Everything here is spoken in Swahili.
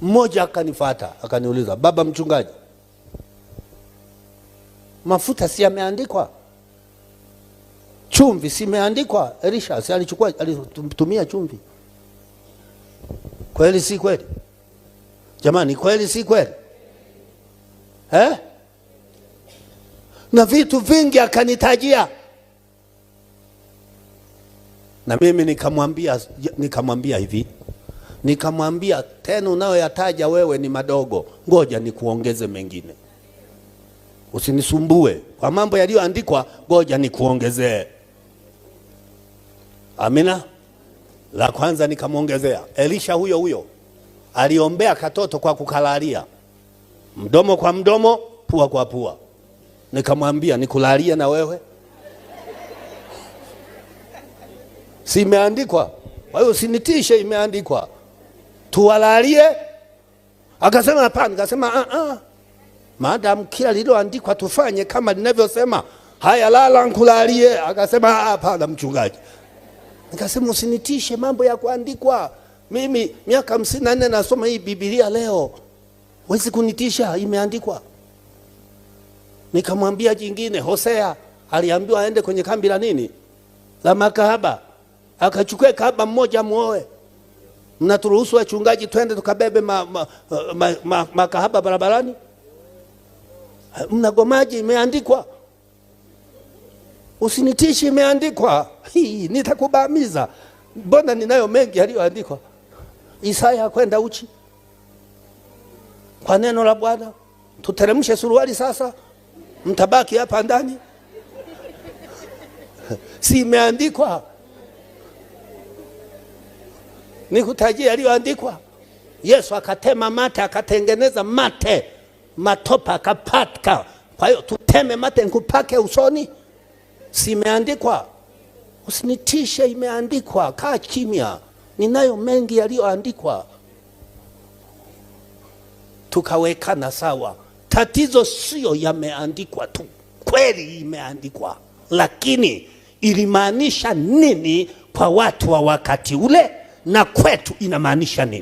Mmoja akanifata akaniuliza, baba mchungaji, mafuta si yameandikwa, chumvi si imeandikwa? Elisha si alichukua alitumia chumvi? Kweli si kweli? Jamani, kweli si kweli eh? Na vitu vingi akanitajia, na mimi nikamwambia nikamwambia hivi Nikamwambia tena, unayoyataja wewe ni madogo, ngoja nikuongeze mengine, usinisumbue kwa mambo yaliyoandikwa, ngoja nikuongezee. Amina. La kwanza nikamwongezea Elisha huyo huyo aliombea katoto kwa kukalalia, mdomo kwa mdomo, pua kwa pua. Nikamwambia nikulalie na wewe, si imeandikwa? Kwa hiyo usinitishe, imeandikwa tuwalalie? Akasema hapana. Nikasema ah ah, maadamu kila lililoandikwa tufanye kama linavyosema. Haya, lala nkulalie. Akasema ah, hapana, mchungaji. Nikasema usinitishe mambo ya kuandikwa. Mimi miaka hamsini na nne nasoma hii Biblia leo, wezi kunitisha, imeandikwa. Nikamwambia jingine, Hosea aliambiwa aende kwenye kambi la nini la makahaba, akachukue kahaba mmoja muoe Mnaturuhusu wachungaji twende tukabebe makahaba ma, ma, ma, ma barabarani? Mnagomaji, imeandikwa. Usinitishi, imeandikwa. Hii nitakubamiza. Mbona ninayo mengi yaliyoandikwa. Isaya kwenda uchi kwa neno la Bwana. Tuteremshe suruali sasa, mtabaki hapa ndani, si imeandikwa. Nikutajie yaliyoandikwa. Yesu akatema mate, akatengeneza mate matopa, akapaka. Kwa hiyo tuteme mate nikupake usoni, simeandikwa? Usinitishe, imeandikwa. Kaa kimya, ninayo mengi yaliyoandikwa. Tukawekana sawa. Tatizo sio yameandikwa tu, kweli imeandikwa, lakini ilimaanisha nini kwa watu wa wakati ule? na kwetu inamaanisha nini?